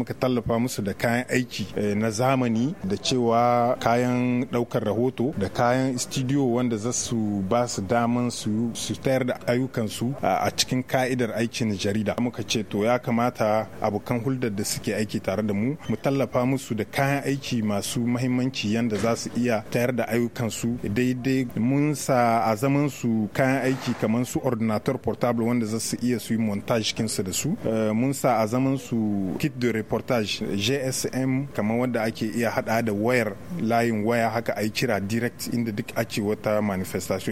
muka tallafa musu da kayan aiki eh, na zamani da cewa kayan daukar rahoto da kayan studio wanda za su ba su daman su tayar da ayyukansu a cikin ka'idar aikin jarida muka ce to ya kamata abokan hulɗar da suke aiki tare da mu mu tallafa musu da kayan aiki masu mahimmanci yanda za su iya tayar da ayyukansu daidai mun sa a zaman su kayan aiki kamar su ordinator portable wanda za su iya su yi montage kinsu da su eh, mun sa a zaman su kit de reportage gsm kamar wadda ake iya hada da wayar layin waya haka a kira direct inda duk ake wata manifestation